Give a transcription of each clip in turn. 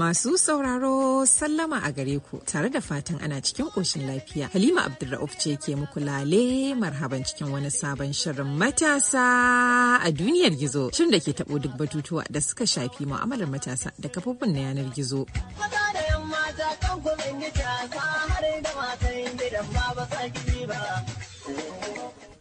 Masu sauraro sallama a gare ku tare da fatan ana cikin ƙoshin lafiya. Halima Abdulra'uf ce ke muku lale marhaban cikin wani sabon shirin matasa a duniyar gizo. Shin da ke taɓo duk batutuwa da suka shafi mu'amalar matasa da kafofin na yanar gizo. Mata da 'yan mata kan har da matan gidan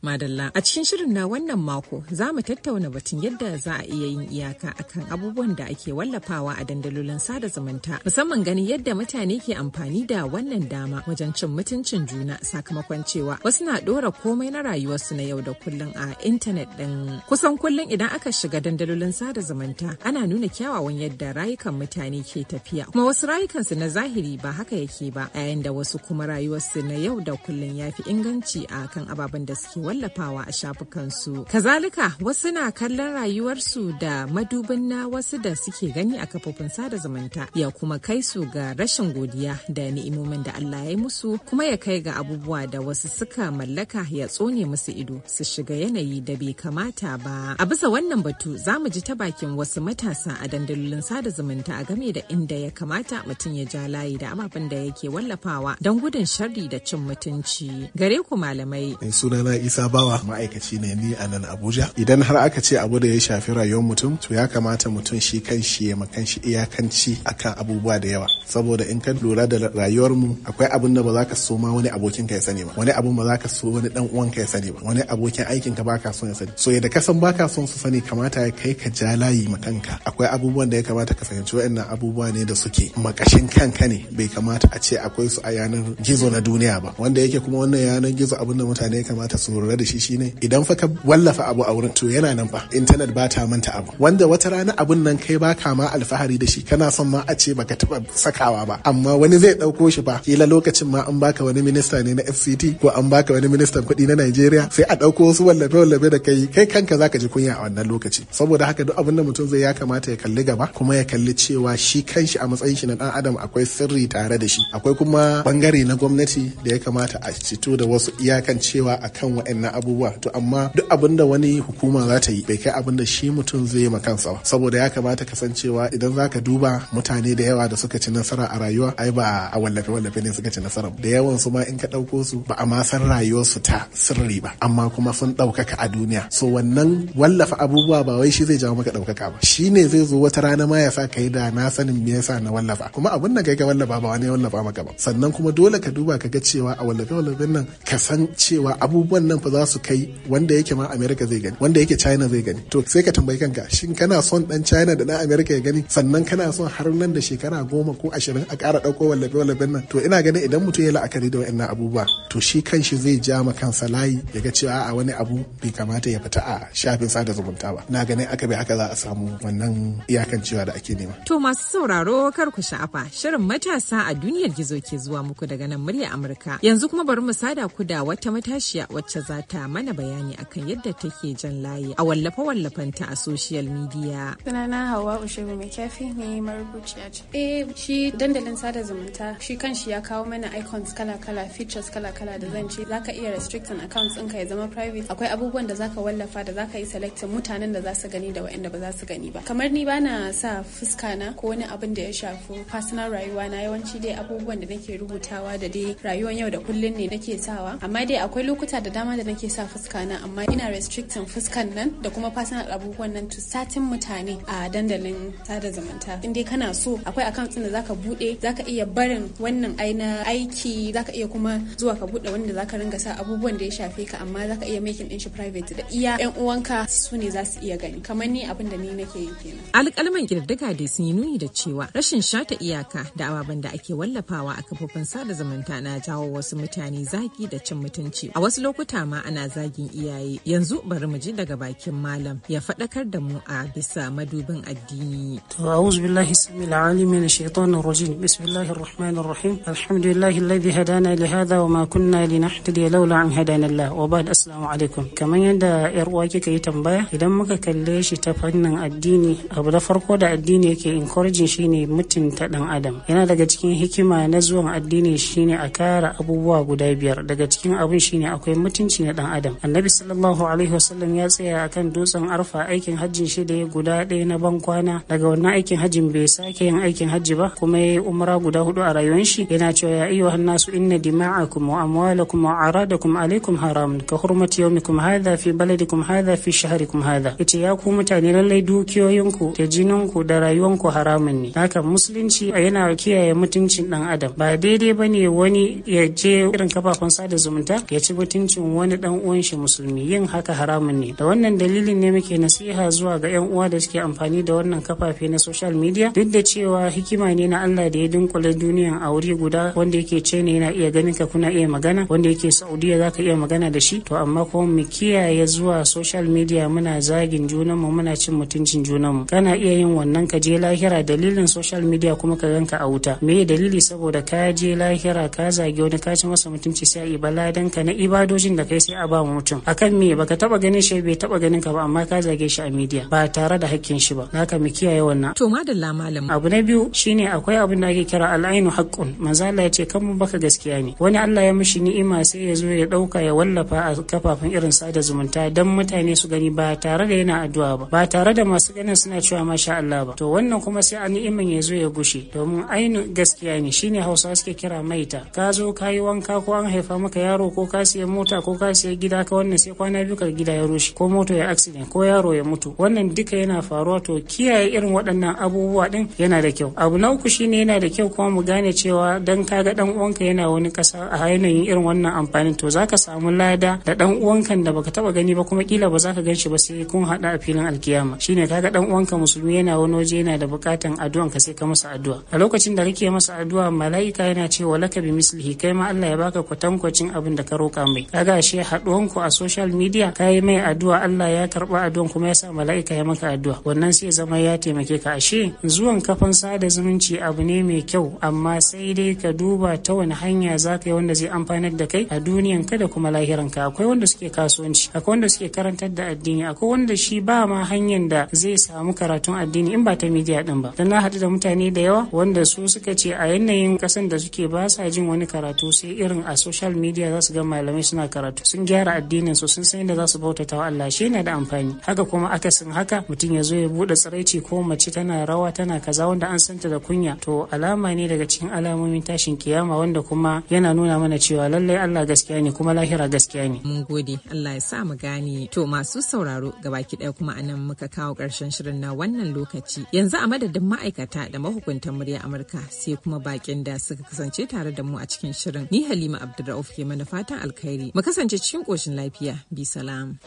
Madalla. A cikin shirin na wannan mako za mu tattauna batun yadda za a iya yin iyaka akan abubuwan da ake wallafawa a dandalolin sada zumunta musamman ganin yadda mutane ke amfani da wannan dama wajen cin mutuncin juna sakamakon cewa wasu na dora komai na rayuwarsu na yau da kullum a intanet din kusan kullum idan aka shiga dandalolin sada zumunta ana nuna kyawawan yadda rayukan mutane ke tafiya kuma wasu rayukansu na zahiri ba haka yake ba yayin da wasu kuma rayuwarsu na yau da kullum ya fi inganci a kan ababen da suke wallafa. wallafawa a shafukansu. Kazalika wasu na kallon rayuwarsu da madubin na wasu da suke gani a kafofin sada zumunta ya kuma kai su ga rashin godiya da ni'imomin da Allah ya yi musu kuma ya kai ga abubuwa da wasu suka mallaka ya tsone musu ido su shiga yanayi da bai kamata ba. A bisa wannan batu za mu ji ta bakin wasu matasa a dandalolin sada zumunta a game da inda ya kamata mutum ya ja layi da ababen da yake wallafawa don gudun sharri da cin mutunci. Gare ku malamai. Eh, sunana Isa Sabawa ma'aikaci ne ni a nan Abuja. Idan har aka ce abu da ya shafi rayuwar mutum to ya kamata mutum shi kan shi ya makan shi iyakanci akan abubuwa da yawa. Saboda in ka lura da rayuwar mu akwai abin da ba za ka so ma wani abokin ka ya sani ba. Wani abin ba za ka so wani dan uwan ka ya sani ba. Wani abokin aikin ka baka son ya sani. So yadda ka san baka son su sani kamata ya kai ka ja layi ma kanka. Akwai abubuwan da ya kamata ka fahimci wa'annan abubuwa ne da suke makashin kanka ne bai kamata a ce akwai su a yanar gizo na duniya ba. Wanda yake kuma wannan yanar gizo abin da mutane ya kamata su lura da shi shine idan fa ka wallafa abu a wurin to yana nan fa intanet ba ta manta abu wanda wata rana abun nan kai ba ma alfahari da shi kana son ma a ce baka taba sakawa ba amma wani zai ɗauko shi ba kila lokacin ma an baka wani minista ne na FCT ko an baka wani ministan kuɗi na Najeriya sai a ɗauko wasu wallafe wallafe da kai kai kanka zaka ji kunya a wannan lokaci saboda haka duk abin da mutum zai ya kamata ya kalli gaba kuma ya kalli cewa shi kanshi a matsayin shi na dan adam akwai sirri tare da shi akwai kuma bangare na gwamnati da ya kamata a cito da wasu iyakan cewa akan waɗannan na abubuwa to amma duk abin da wani hukuma za ta yi bai kai abin da shi mutum zai yi kansa ba saboda ya kamata kasancewa idan za ka duba mutane da yawa da suka ci nasara a rayuwa ai ba a wallafe wallafe ne suka ci nasara da yawan su ma in ka ɗauko su ba a ma san rayuwarsu ta sirri ba amma kuma sun ɗaukaka a duniya so wannan wallafa abubuwa ba wai shi zai jawo maka ɗaukaka ba shi ne zai zo wata rana ma ya sa ka yi da na sanin me yasa na wallafa kuma abin da kai ka wallafa ba wani ya wallafa maka ba sannan kuma dole ka duba ka ga cewa a wallafe wallafen nan ka san cewa abubuwan nan fa fa za su kai wanda yake ma America zai gani wanda yake China zai gani to sai ka tambayi kanka shin kana son dan China da dan America ya gani sannan kana son har nan da shekara goma ko ashirin a ƙara ɗauko wallafe wallafen nan to ina ganin idan mutum ya la'akari da wa'annan abubuwa to shi kan shi zai ja ma kansa layi ya ga cewa a wani abu bai kamata ya fita a shafin sada zumunta ba na ganin aka bai haka za a samu wannan iyakancewa da ake nema. To masu sauraro kar ku sha'afa shirin matasa a duniyar gizo ke zuwa muku daga nan murya Amurka yanzu kuma bari mu sada ku da wata matashiya wacce za ta mana bayani akan yadda take jan layi a wallafe wallafanta a social media. Sunana Hawa Ushebu mai kyafi ne marubuciya ce. Eh shi dandalin sada zumunta shi kanshi ya kawo mana icons kala-kala features kala-kala da zan ce zaka iya restricting accounts ɗinka ya zama private akwai abubuwan da zaka wallafa da zaka yi selecting mutanen da za su gani da waɗanda ba za su gani ba. Kamar ni bana sa fuska na ko wani abin da ya shafi personal rayuwa na yawanci dai abubuwan da nake rubutawa da dai rayuwar yau da kullun ne nake sawa amma dai akwai lokuta da dama da nake sa fuska na amma ina restricting fuskan nan da kuma personal abubuwan nan to satin mutane a dandalin sada zumunta in dai kana so akwai account da zaka bude zaka iya barin wannan aina aiki zaka iya kuma zuwa ka bude wanda zaka ringa sa abubuwan da ya shafe ka amma zaka iya making din shi private da iya yan uwanka su ne za su iya gani kamar ni abin da ni nake yi kenan alƙalman girdiga dai sun yi nuni da cewa rashin shata iyaka da ababen da ake wallafawa a kafofin sada zumunta na jawo wasu mutane zaki da cin mutunci a wasu lokuta ma ana zagin iyaye yanzu bari mu ji daga bakin malam ya faɗakar da mu a bisa madubin addini to a'udhu billahi samil alim min shaitanir rajim bismillahir rahmanir rahim alhamdulillahi alladhi hadana li hadha wa ma kunna linahtadiya laula an hadana Allah wa ba'd assalamu alaikum kamar yadda yar uwa kika yi tambaya idan muka kalle shi ta fannin addini abu da farko da addini yake encouraging shine mutunta dan adam yana daga cikin hikima na zuwan addini shine a kara abubuwa guda biyar daga cikin abun shine akwai mutunci na dan adam annabi sallallahu alaihi wasallam ya tsaya akan dutsen arfa aikin hajjin shi da ya guda ɗaya na ban kwana daga wannan aikin hajjin bai sake yin aikin hajji ba kuma ya yi umra guda hudu a rayuwar shi yana cewa ya ayyuha nasu inna dima'akum wa amwalakum wa aradakum alaikum haram ka hurmati yawmikum hadha fi baladikum hadha fi shahrikum hadha ita ya ku mutane lallai dukiyoyinku da jininku da rayuwanku haramun ne haka musulunci yana kiyaye mutuncin dan adam ba daidai bane wani ya je irin kafafen sada zumunta ya ci mutuncin wani wani dan uwan shi musulmi yin haka haramun ne da wannan dalilin ne muke nasiha zuwa ga yan uwa da suke amfani da wannan kafafe na social media duk da cewa hikima ne na Allah da ya dunkule duniyan a wuri guda wanda yake ce ne yana iya ganin ka kuna iya magana wanda yake Saudiya zaka iya magana da shi to amma ko mu kiyaye zuwa social media muna zagin junanmu muna cin mutuncin junanmu kana iya yin wannan ka je lahira dalilin social media kuma ka ganka a wuta me dalili saboda ka je lahira ka zagi wani ka ci masa mutunci sai ibaladan ka na ibadojin da kai kawai sai a ba mu mutum akan me baka taba ganin shi bai taba ganin ka ba amma ka zage shi a media ba tare da hakkin shi ba haka mu kiyaye wannan to madalla malam abu na biyu shine akwai abin da ake kira al'ainu haqqun manzo Allah ya ce kan mun baka gaskiya ne wani Allah ya mishi ni'ima sai ya zo ya dauka ya wallafa a kafafen irin sada zumunta dan mutane su gani ba tare da yana addu'a ba ba tare da masu ganin suna cewa masha Allah ba to wannan kuma sai an ni'iman ya zo ya gushe domin ainu gaskiya ne shine hausa suke kira maita ka zo ka yi wanka ko an haifa maka yaro ko ka siya mota ko ka ka sai gida ka wannan sai kwana biyu ka gida ya rushe ko moto ya accident ko yaro ya mutu wannan duka yana faruwa to kiyaye irin waɗannan abubuwa din yana da kyau abu na uku shine yana da kyau kuma mu gane cewa dan ga dan uwanka yana wani kasa a yanayin irin wannan amfanin to zaka samu lada da dan uwanka da baka taba gani ba kuma kila ba zaka ganshi ba sai kun hada a filin alkiyama shine kaga dan uwanka musulmi yana wani waje yana da bukatan addu'an ka sai ka masa addu'a a lokacin da kake masa addu'a mala'ika yana cewa laka bi mislihi kai ma Allah ya baka kwatankwacin abin da ka roka mai kaga shi ce ku a social media ka yi mai addu'a Allah ya karɓa addu'an kuma ya sa mala'ika ya maka addu'a wannan sai zama ya taimake ka ashe zuwan kafan sada zumunci abu ne mai kyau amma sai dai ka duba ta wani hanya za ka yi wanda zai amfanar da kai a duniyan ka da kuma lahiran ka akwai wanda suke kasuwanci akwai wanda suke karantar da addini akwai wanda shi ba ma hanyar da zai samu karatun addini in ba ta media din ba dan na haɗu da mutane da yawa wanda su suka ce a yanayin kasan da suke ba sa jin wani karatu sai irin a social media za su ga malamai suna karatu sun gyara addinin su sun san inda za su bautata wa Allah shi ne da amfani haka kuma akasin haka mutum ya zo ya buɗe tsiraici ko mace tana rawa tana kaza wanda an santa da kunya to alama ne daga cikin alamomin tashin kiyama wanda kuma yana nuna mana cewa lallai Allah gaskiya ne kuma lahira gaskiya ne mun gode Allah ya sa mu gane to masu sauraro gabaki ɗaya kuma anan muka kawo karshen shirin na wannan lokaci yanzu a madadin ma'aikata da mahukuntan murya Amurka sai kuma bakin da suka kasance tare da mu a cikin shirin ni Halima Abdulrauf ke mana fatan alkhairi mu kasance kasance cikin ƙoshin lafiya bi salam.